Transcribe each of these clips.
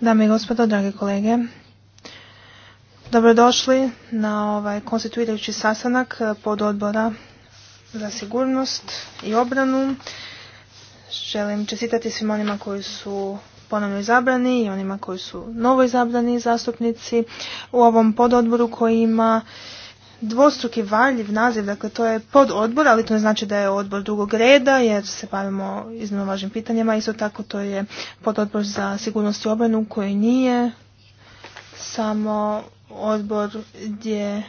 Dame i gospodo, drage kolege. Dobrodošli na ovaj konstituirajući sastanak pod odbora za sigurnost i obranu. Želim čestitati svim onima koji su ponovno izabrani i onima koji su novo izabrani zastupnici u ovom pododboru koji ima dvostruki valjiv naziv, dakle to je pododbor, ali to ne znači da je odbor drugog reda jer se bavimo iznimno važnim pitanjima. Isto tako to je pododbor za sigurnost i obranu koji nije samo odbor gdje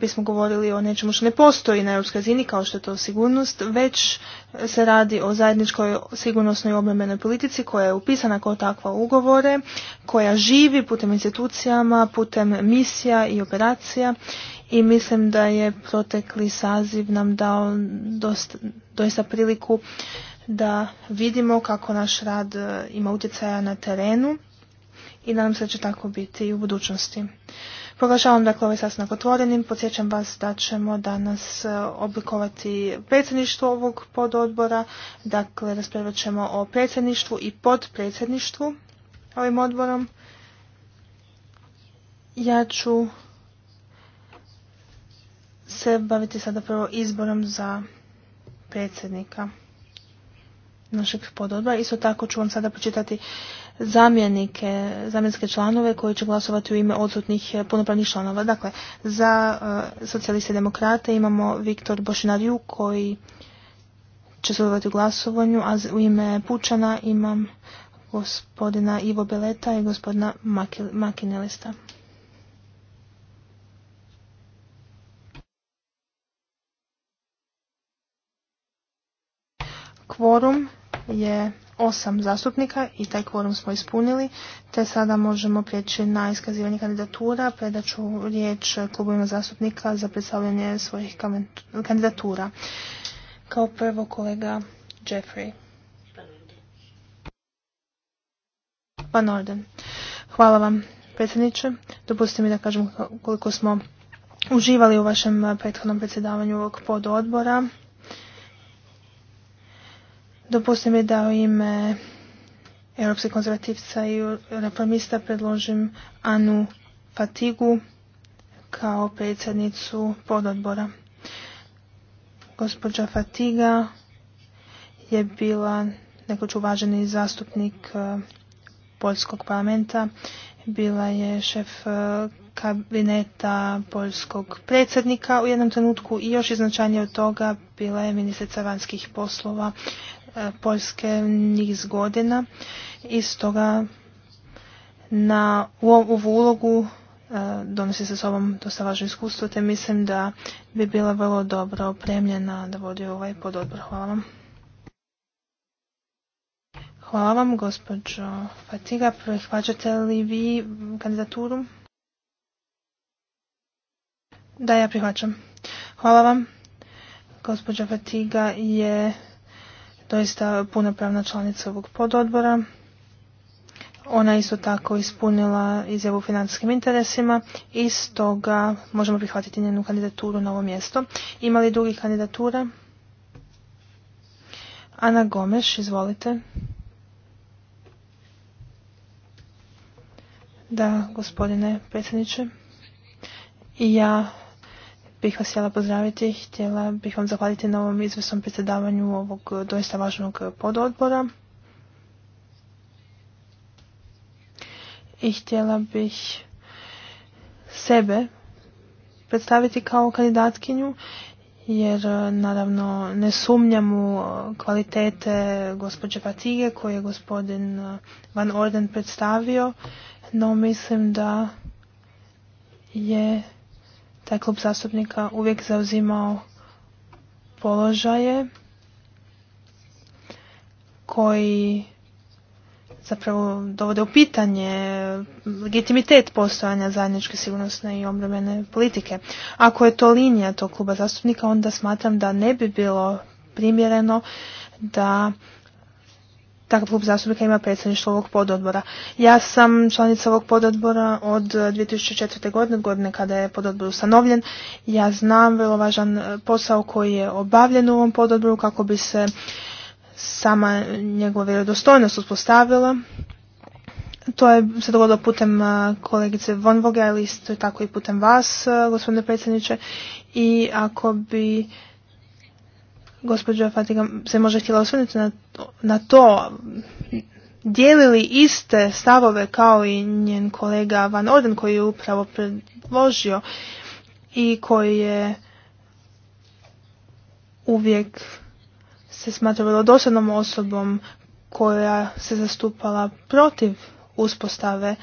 bismo govorili o nečemu što ne postoji na europskoj razini kao što je to sigurnost, već se radi o zajedničkoj sigurnosnoj i obrambenoj politici koja je upisana kao takva ugovore, koja živi putem institucijama, putem misija i operacija i mislim da je protekli saziv nam dao dosta, doista priliku da vidimo kako naš rad e, ima utjecaja na terenu i nadam se da će tako biti i u budućnosti. Poglašavam, dakle ovaj sastanak otvorenim. Podsjećam vas da ćemo danas e, oblikovati predsjedništvo ovog pododbora. Dakle, raspravljat ćemo o predsjedništvu i podpredsjedništvu ovim odborom. Ja ću se baviti sada prvo izborom za predsjednika našeg pododba. Isto tako ću vam sada pročitati zamjenike, zamjenske članove koji će glasovati u ime odsutnih punopravnih članova. Dakle, za eh, socijaliste socijaliste demokrate imamo Viktor Bošinariju koji će sudjelovati u glasovanju, a u ime Pučana imam gospodina Ivo Beleta i gospodina Makinelista. Kvorum je osam zastupnika i taj kvorum smo ispunili, te sada možemo prijeći na iskazivanje kandidatura. Predat ću riječ klubovima zastupnika za predstavljanje svojih kandidatura. Kao prvo kolega Jeffrey. Van Orden. Hvala vam predsjedniče. Dopustite mi da kažem koliko smo uživali u vašem prethodnom predsjedavanju ovog pododbora. Dopustim mi da u ime europskih konzervativca i reformista predložim Anu Fatigu kao predsjednicu pododbora. Gospođa Fatiga je bila nekoć uvaženi zastupnik e, Poljskog parlamenta, bila je šef e, kabineta poljskog predsjednika u jednom trenutku i još iznačajnije od toga bila je ministrica vanjskih poslova E, Poljske niz godina i stoga na, u ovu ulogu e, donosi sa sobom dosta važno iskustvo, te mislim da bi bila vrlo dobro opremljena da vodi ovaj pododbor. Hvala vam. Hvala vam, gospođo Fatiga. Prihvaćate li vi kandidaturu? Da, ja prihvaćam. Hvala vam. Gospođa Fatiga je doista punopravna članica ovog pododbora. Ona je isto tako ispunila izjavu u financijskim interesima i stoga možemo prihvatiti njenu kandidaturu na ovo mjesto. Ima li drugih kandidatura? Ana Gomeš, izvolite. Da, gospodine predsjedniče. I ja bih vas htjela pozdraviti. Htjela bih vam zahvaliti na ovom izvrsnom predsjedavanju ovog eh, doista važnog eh, pododbora. I htjela bih sebe predstaviti kao kandidatkinju jer eh, naravno ne sumnjam u kvalitete gospođe Patige koju je gospodin Van Orden predstavio, no mislim da je taj klub zastupnika uvijek zauzimao položaje koji zapravo dovode u pitanje legitimitet postojanja zajedničke sigurnosne i obrambene politike. Ako je to linija tog kluba zastupnika, onda smatram da ne bi bilo primjereno da takav klub zastupnika ima predsjedništvo ovog pododbora. Ja sam članica ovog pododbora od 2004. Eh, godine, godine kada je pododbor ustanovljen. Ja znam vrlo važan eh, posao koji je obavljen u ovom pododboru kako bi se sama njegova vjerodostojnost uspostavila. To je se dogodilo putem eh, kolegice Von Vogelist, ali isto tako i putem vas, gospodine predsjedniče. I ako bi Gospođa Fatiga se može htjela osvrnuti na, na to, dijelili iste stavove kao i njen kolega Van Orden koji je upravo predložio i koji je uvijek se smatralo dosadnom osobom koja se zastupala protiv uspostave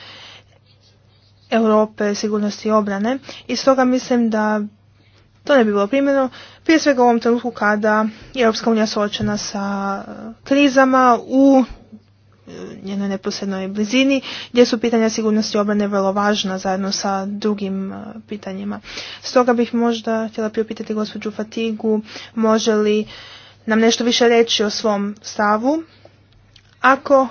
Europe sigurnosti i obrane i stoga mislim da to ne bi bilo primjerno, prije svega u ovom trenutku kada je Europska unija suočena sa e, krizama u e, njenoj neposrednoj blizini, gdje su pitanja sigurnosti obrane vrlo važna zajedno sa drugim e, pitanjima. Stoga bih možda htjela priopitati gospođu Fatigu, može li nam nešto više reći o svom stavu, ako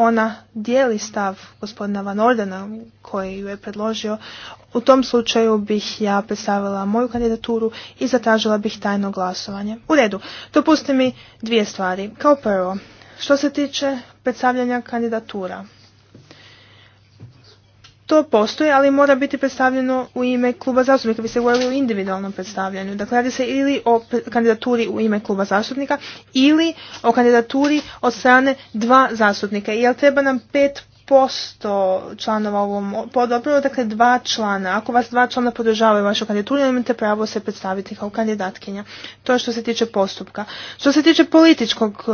ona dijeli stav gospodina Van Ordena koji ju je predložio, u tom slučaju bih ja predstavila moju kandidaturu i zatražila bih tajno glasovanje. U redu, dopusti mi dvije stvari. Kao prvo, što se tiče predstavljanja kandidatura to postoji, ali mora biti predstavljeno u ime kluba zastupnika. Vi ste govorili o individualnom predstavljanju. Dakle, radi se ili o kandidaturi u ime kluba zastupnika ili o kandidaturi od strane dva zastupnika. Jel treba nam pet posto članova ovom dakle dva člana. Ako vas dva člana podržavaju vašu kandidaturu, imate pravo se predstaviti kao kandidatkinja. To je što se tiče postupka. Što se tiče političkog eh,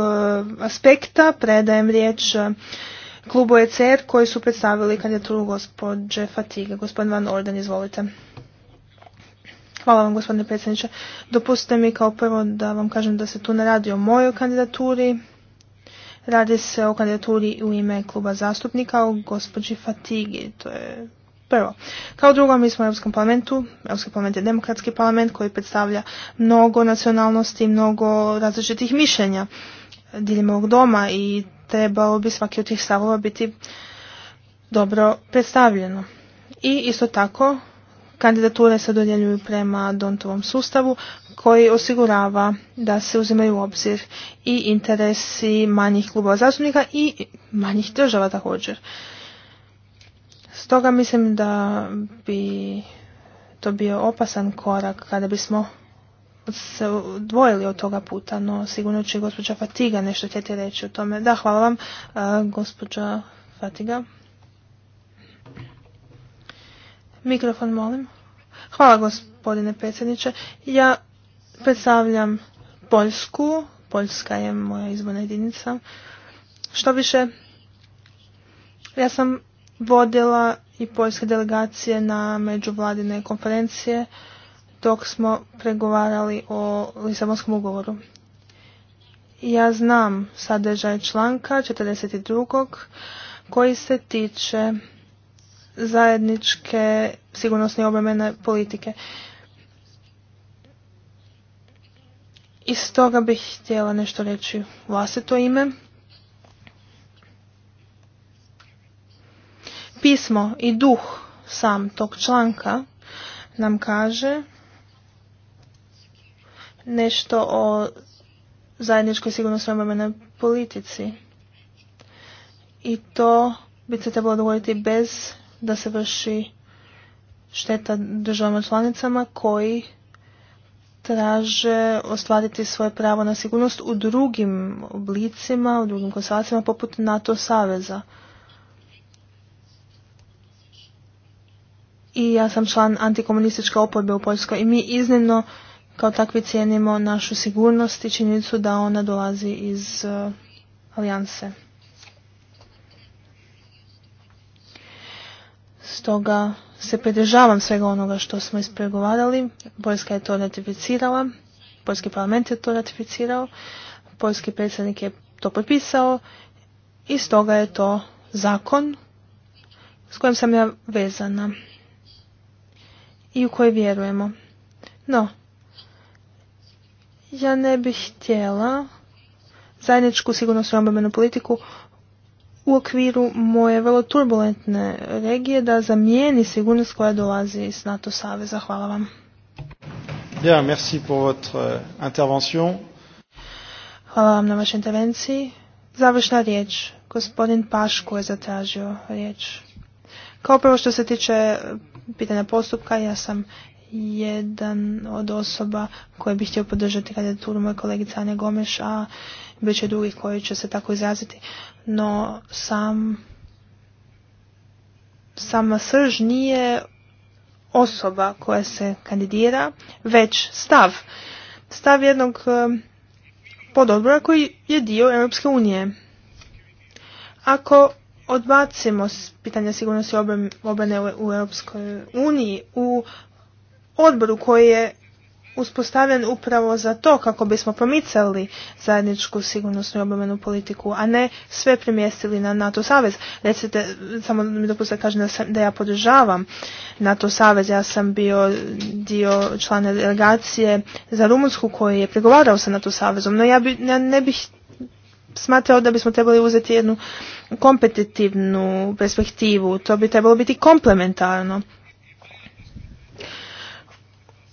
aspekta, predajem riječ eh, klubu ECR koji su predstavili kandidaturu gospođe Fatige. Gospodin Van Orden, izvolite. Hvala vam gospodine predsjedniče. Dopustite mi kao prvo da vam kažem da se tu ne radi o mojoj kandidaturi. Radi se o kandidaturi u ime kluba zastupnika o gospođi Fatigi. To je prvo. Kao drugo, mi smo u Europskom parlamentu. Europski parlament je demokratski parlament koji predstavlja mnogo nacionalnosti, i mnogo različitih mišljenja diljem ovog doma i trebao bi svaki od tih stavova biti dobro predstavljeno. I isto tako kandidature se dodjeljuju prema Dontovom sustavu koji osigurava da se uzimaju u obzir i interesi manjih klubova zastupnika i manjih država također. Stoga mislim da bi to bio opasan korak kada bismo se odvojili od toga puta, no sigurno će gospođa Fatiga nešto htjeti reći o tome. Da, hvala vam, e, gospođa Fatiga. Mikrofon, molim. Hvala, gospodine predsjedniče. Ja predstavljam Poljsku. Poljska je moja izborna jedinica. Što više, ja sam vodila i poljske delegacije na međuvladine konferencije dok smo pregovarali o Lisabonskom ugovoru. Ja znam sadržaj članka 42. koji se tiče zajedničke sigurnosne i obrambene politike. I stoga bih htjela nešto reći vlastito ime. Pismo i duh sam tog članka nam kaže nešto o zajedničkoj sigurnosnoj obrambenoj politici. I to bi se trebalo dogoditi bez da se vrši šteta državama članicama koji traže ostvariti svoje pravo na sigurnost u drugim oblicima, u drugim konstelacijama poput NATO saveza. I ja sam član antikomunističke oporbe u Poljskoj i mi iznimno kao takvi cijenimo našu sigurnost i činjenicu da ona dolazi iz uh, alijanse. Stoga se pridržavam svega onoga što smo ispregovarali. Poljska je to ratificirala, Poljski parlament je to ratificirao, Poljski predsjednik je to potpisao i stoga je to zakon s kojim sam ja vezana i u koji vjerujemo. No, ja ne bih htjela zajedničku sigurnosnu obrambenu politiku u okviru moje vrlo turbulentne regije da zamijeni sigurnost koja dolazi iz NATO saveza. Hvala vam. Ja, merci pour votre euh, intervention. Hvala vam na vašoj intervenciji. Završna riječ. Gospodin Paško je zatražio riječ. Kao prvo što se tiče pitanja postupka, ja sam jedan od osoba koje bi htio podržati kandidaturu moje kolegica Ane Gomeš, a bit će drugih koji će se tako izraziti. No sam sama srž nije osoba koja se kandidira, već stav. Stav jednog pododbora koji je dio Europske unije. Ako odbacimo pitanja sigurnosti obrane u Europskoj uniji u odboru koji je uspostavljen upravo za to kako bismo promicali zajedničku sigurnosnu i obrambenu politiku, a ne sve premjestili na NATO savez. Recite, samo mi dopustite kažem da, sam, da ja podržavam NATO savez, ja sam bio dio člana delegacije za Rumunsku koji je pregovarao sa NATO savezom, no ja, bi, ja ne bih smatrao da bismo trebali uzeti jednu kompetitivnu perspektivu, to bi trebalo biti komplementarno.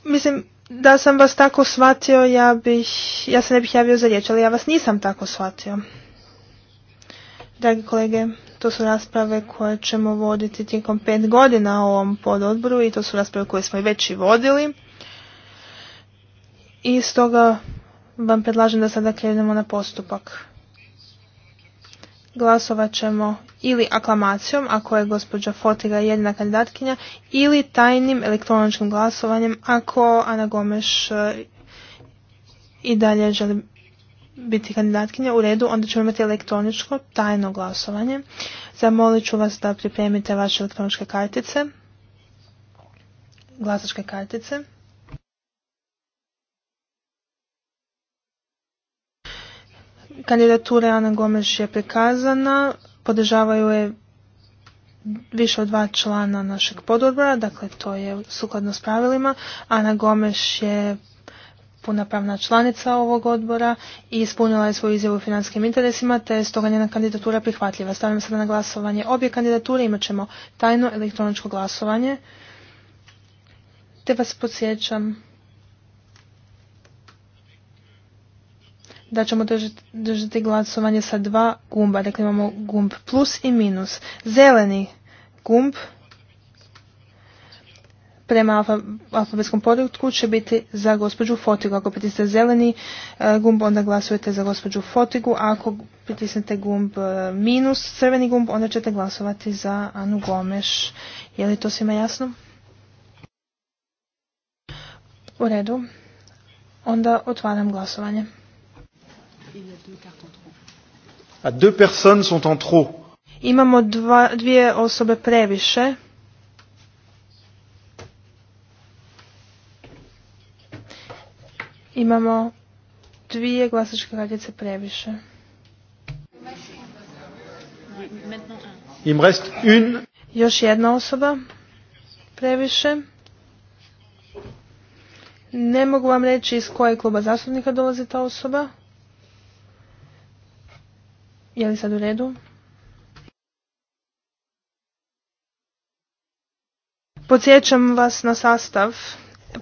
Mislim, da sam vas tako shvatio, ja bih, ja se ne bih javio za riječ, ali ja vas nisam tako shvatio. Dragi kolege, to su rasprave koje ćemo voditi tijekom pet godina u ovom pododboru i to su rasprave koje smo i već i vodili. I stoga vam predlažem da sada krenemo na postupak glasovat ćemo ili aklamacijom, ako je gospođa Fotiga jedna kandidatkinja, ili tajnim elektroničkim glasovanjem, ako Ana Gomeš eh, i dalje želi biti kandidatkinja u redu, onda ćemo imati elektroničko tajno glasovanje. Zamolit ću vas da pripremite vaše elektroničke kartice, glasačke kartice. Kandidatura Ana Gomes je prikazana, podržavaju je više od dva člana našeg pododbora, dakle to je sukladno s pravilima. Ana Gomes je punopravna članica ovog odbora i ispunila je svoju izjavu u financijskim interesima, te je stoga njena kandidatura prihvatljiva. Stavljam sada na glasovanje obje kandidature, imat ćemo tajno elektroničko glasovanje. Te vas podsjećam da ćemo držati glasovanje sa dva gumba. Dakle, imamo gumb plus i minus. Zeleni gumb prema alfabetskom podruku će biti za gospođu Fotigu. Ako pritisnete zeleni e, gumb, onda glasujete za gospođu Fotigu. ako pritisnete gumb e, minus, crveni gumb, onda ćete glasovati za Anu Gomeš. Je li to svima jasno? U redu. Onda otvaram glasovanje a deux Imamo dva, dvije osobe previše. Imamo dvije glasačke kartice previše. Im une. Još jedna osoba previše. Ne mogu vam reći iz kojeg kluba zastupnika dolazi ta osoba. Je li sad u redu? Podsjećam vas na sastav.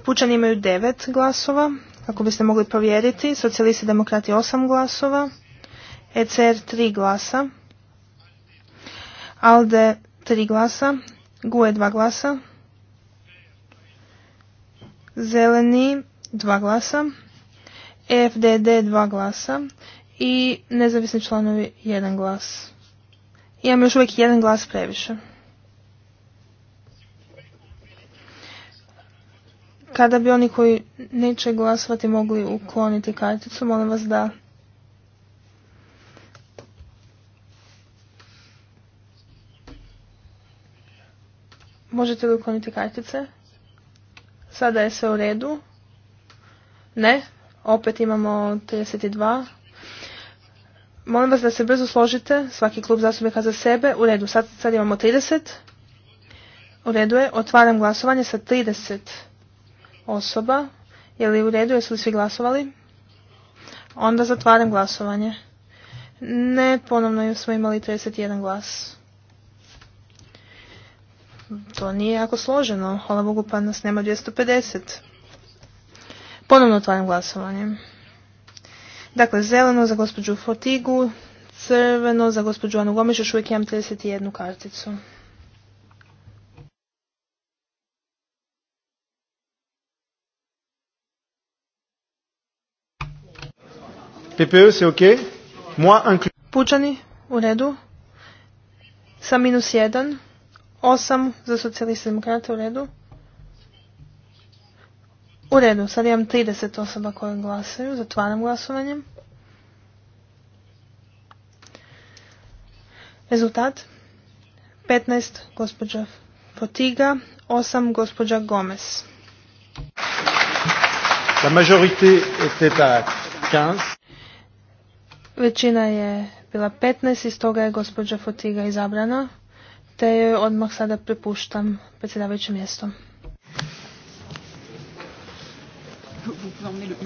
Pučani imaju devet glasova, kako biste mogli provjeriti. Socijalisti demokrati osam glasova. ECR tri glasa. ALDE tri glasa. GUE dva glasa. Zeleni dva glasa. EFDD dva glasa i nezavisni članovi jedan glas. Imam još uvijek jedan glas previše. Kada bi oni koji neće glasovati mogli ukloniti karticu, molim vas da Možete li ukloniti kartice? Sada je sve u redu. Ne. Opet imamo 32. Molim vas da se brzo složite, svaki klub zastupnika za sebe. U redu, sad, sad imamo 30. U redu je, otvaram glasovanje sa 30 osoba. Je li u redu, jesu li svi glasovali? Onda zatvaram glasovanje. Ne, ponovno smo imali 31 glas. To nije jako složeno. Hvala Bogu pa nas nema 250. Ponovno otvaram glasovanje. Dakle, zeleno za gospođu Fotigu, crveno za gospođu Anu Gomeš, još uvijek imam 31 karticu. PPE, Pučani, u redu. Sa minus 1. 8 za socijaliste demokrate, u redu. U redu, sad imam 30 osoba koje glasaju, zatvaram glasovanje. Rezultat? 15 gospođa Fotiga, 8 gospođa Gomez. La majorité était à 15. Većina je bila 15 i stoga je gospođa Fotiga izabrana, te joj odmah sada prepuštam predsjedavajuće mjesto. vous le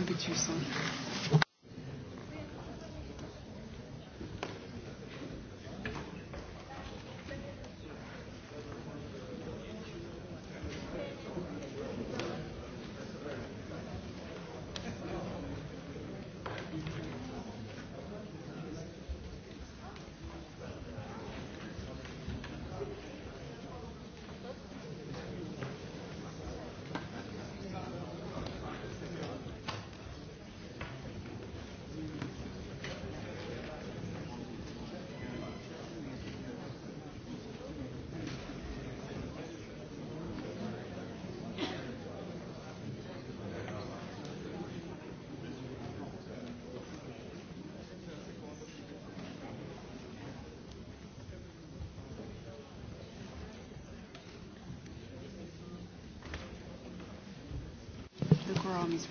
is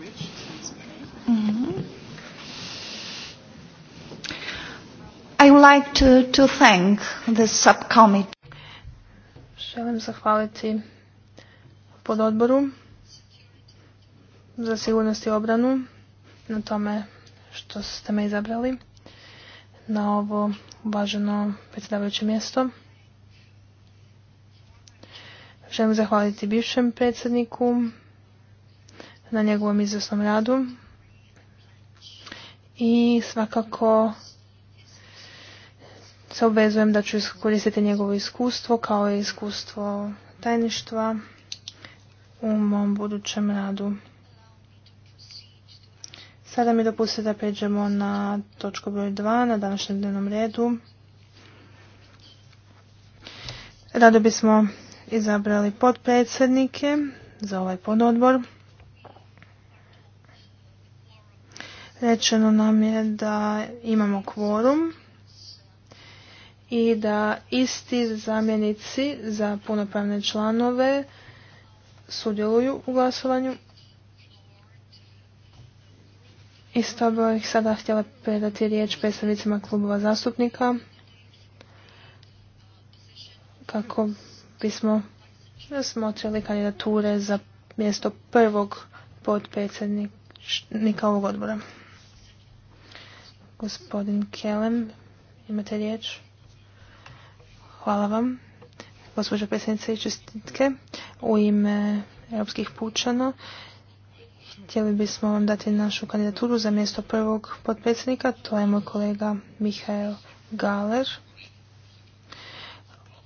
mm-hmm. I would like to, thank the subcommittee. Želim zahvaliti pod odboru za sigurnost i obranu na tome što ste me izabrali na ovo važno predsjedavajuće mjesto. Želim zahvaliti bivšem predsjedniku na njegovom izvrsnom radu i svakako se obvezujem da ću iskoristiti njegovo iskustvo kao i iskustvo tajništva u mom budućem radu. Sada mi dopustite da pređemo na točku broj 2 na današnjem dnevnom redu. Rado bismo izabrali potpredsjednike za ovaj pododbor. Rečeno nam je da imamo kvorum i da isti zamjenici za punopravne članove sudjeluju u glasovanju. Isto bih sada htjela predati riječ predstavnicima klubova zastupnika kako bismo smotrili kandidature za mjesto prvog podpredsjednika ovog odbora. Gospodin Kelem, imate riječ? Hvala vam. Gospođo predsjednice i čestitke, u ime Europskih pučana htjeli bismo vam dati našu kandidaturu za mjesto prvog potpredsjednika, to je moj kolega Mihael Galer.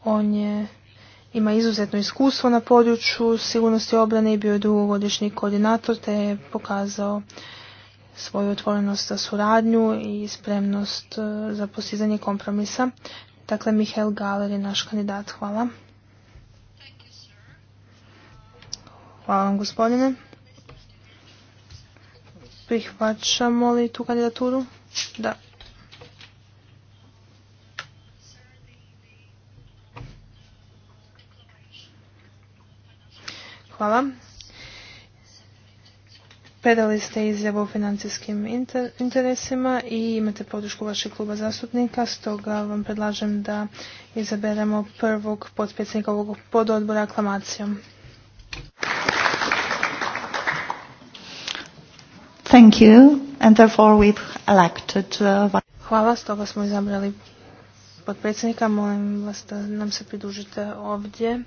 On je ima izuzetno iskustvo na području sigurnosti obrane i bio je dugogodišnji koordinator te je pokazao svoju otvorenost za suradnju i spremnost e, za postizanje kompromisa. Dakle, Mihael Galer je naš kandidat. Hvala. Hvala vam, gospodine. Prihvaćamo li tu kandidaturu? Da. Hvala. Predali ste izjavu o financijskim interesima i imate podršku vašeg kluba zastupnika, stoga vam predlažem da izaberemo prvog potpredsjednika ovog pododbora aklamacijom. Thank you and uh, Hvala, stoga smo izabrali potpredsjednika. Molim vas da nam se pridružite ovdje.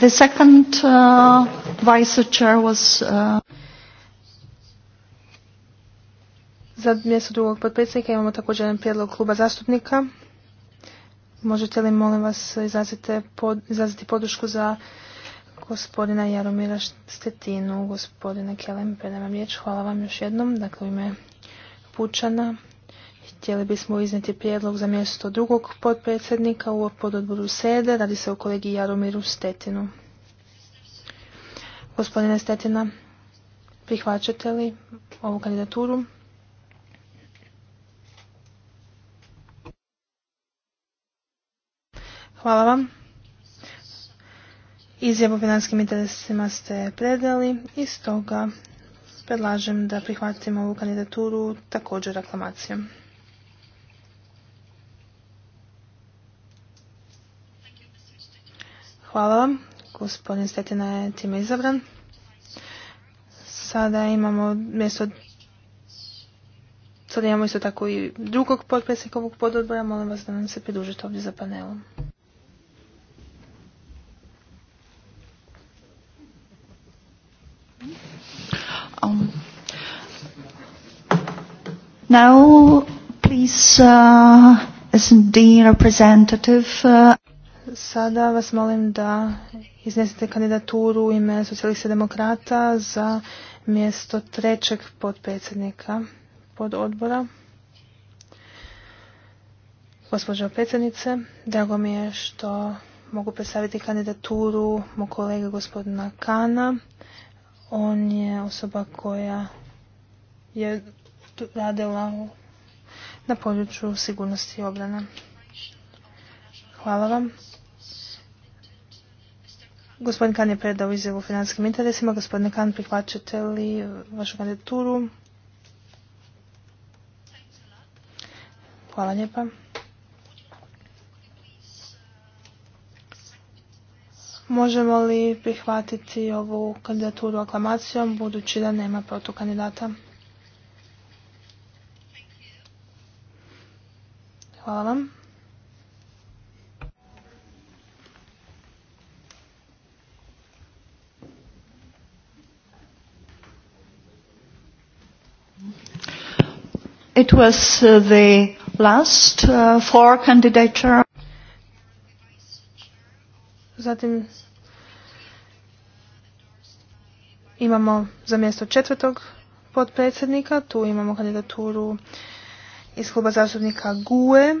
The second uh, vice chair was... Uh, za mjesto drugog potpredsjednika imamo također jedan prijedlog kluba zastupnika. Možete li, molim vas, izraziti podršku za gospodina Jaromira Stetinu, gospodina Kelem, predajem vam riječ. Hvala vam još jednom. Dakle, u ime Pučana, Htjeli bismo iznijeti prijedlog za mjesto drugog potpredsjednika u pododboru sede. Radi se o kolegi Jaromiru Stetinu. Gospodine Stetina, prihvaćate li ovu kandidaturu? Hvala vam. Izjavu o financijskim interesima ste predali i stoga predlažem da prihvatimo ovu kandidaturu također reklamacijom. Hvala vam. Gospodin Stetina je time izabran. Sada imamo mjesto Sada imamo isto tako i drugog potpredsjednika ovog pododbora. Molim vas da nam se pridružite ovdje za panelom. Um. Now, please, uh, as the representative... Uh... Sada vas molim da iznesete kandidaturu u ime socijalista demokrata za mjesto trećeg podpredsjednika pod odbora. Gospođo predsjednice, drago mi je što mogu predstaviti kandidaturu mog kolega gospodina Kana. On je osoba koja je radila na području sigurnosti i obrana. Hvala vam. Gospodin Kan je predao izjavu o financijskim interesima. Gospodine Kan, prihvaćate li vašu kandidaturu? Hvala lijepa. Možemo li prihvatiti ovu kandidaturu aklamacijom, budući da nema protukandidata? Hvala vam. It was uh, the last uh, four candidature. Zatim imamo za mjesto četvrtog potpredsjednika, tu imamo kandidaturu iz kluba zastupnika GUE.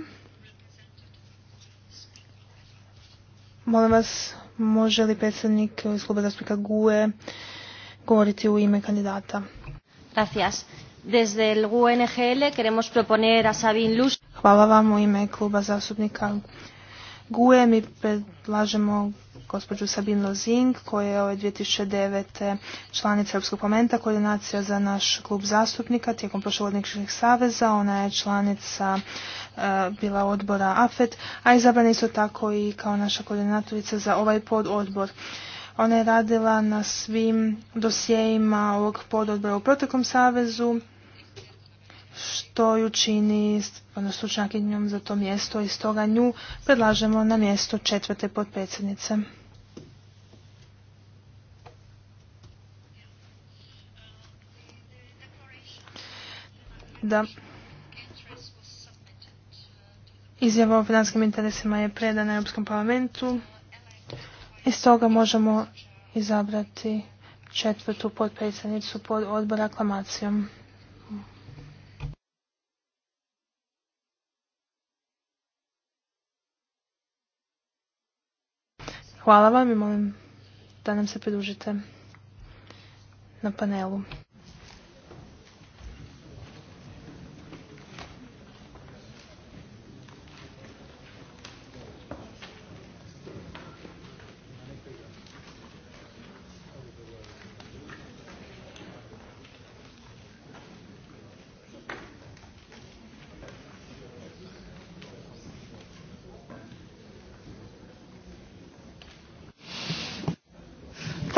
Molim vas, može li predsjednik iz kluba zastupnika GUE govoriti u ime kandidata? Gracias. Desde el UNGL queremos proponer a Hvala vam u ime kluba zastupnika GUE. Mi predlažemo gospođu Sabine Lozing koja je ove 2009. članica Europskog parlamenta, koordinacija za naš klub zastupnika tijekom prošlovodničkih saveza. Ona je članica e, bila odbora AFET, a izabrana isto tako i kao naša koordinatorica za ovaj pododbor. Ona je radila na svim dosjejima ovog pododbora u protekom savezu što ju čini stvarno stručnjakinjom za to mjesto i stoga nju predlažemo na mjesto četvrte potpredsjednice. Da. Izjava o finanskim interesima je predana Europskom parlamentu i stoga možemo izabrati četvrtu potpredsjednicu pod odbor aklamacijom. Hvala vam i molim da nam se pridružite na panelu.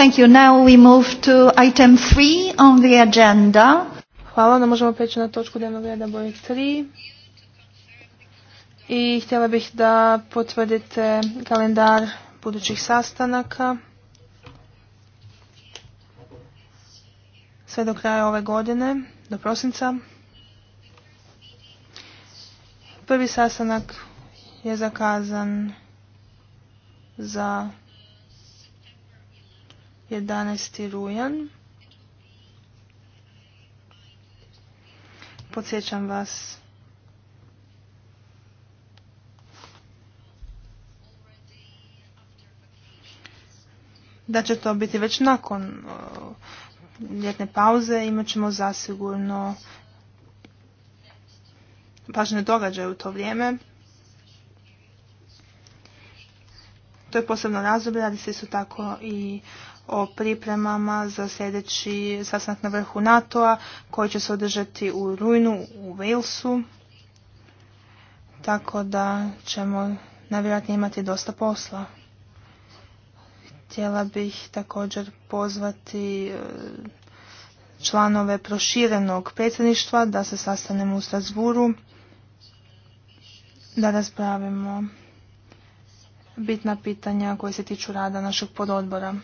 Thank you. Now we move to item 3 on the agenda. Hvala, onda možemo preći na točku dnevnog reda broj 3. I htjela bih da potvrdite kalendar budućih sastanaka. Sve do kraja ove godine, do prosinca. Prvi sastanak je zakazan za 11. rujan. Podsjećam vas da će to biti već nakon ljetne pauze. Imat ćemo zasigurno važne događaje u to vrijeme. To je posebno razdoblje, radi se isto tako i o pripremama za sljedeći sastanak na vrhu NATO-a koji će se održati u rujnu u Walesu. Tako da ćemo najvjerojatnije imati dosta posla. Htjela bih također pozvati e, članove proširenog predsjedništva da se sastanemo u Strasburu, da raspravimo bitna pitanja koje se tiču rada našeg pododbora.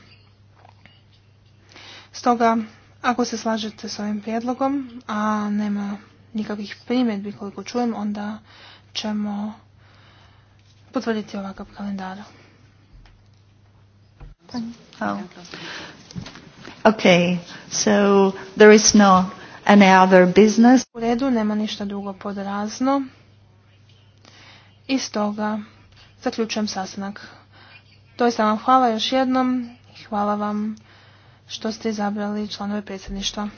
Stoga, ako se slažete s ovim prijedlogom, a nema nikakvih primjedbi koliko čujem, onda ćemo potvrditi ovakav kalendar. U redu nema ništa drugo pod razno. I stoga zaključujem sastanak. je vam hvala još jednom. Hvala vam što ste izabrali članove predsjedništva.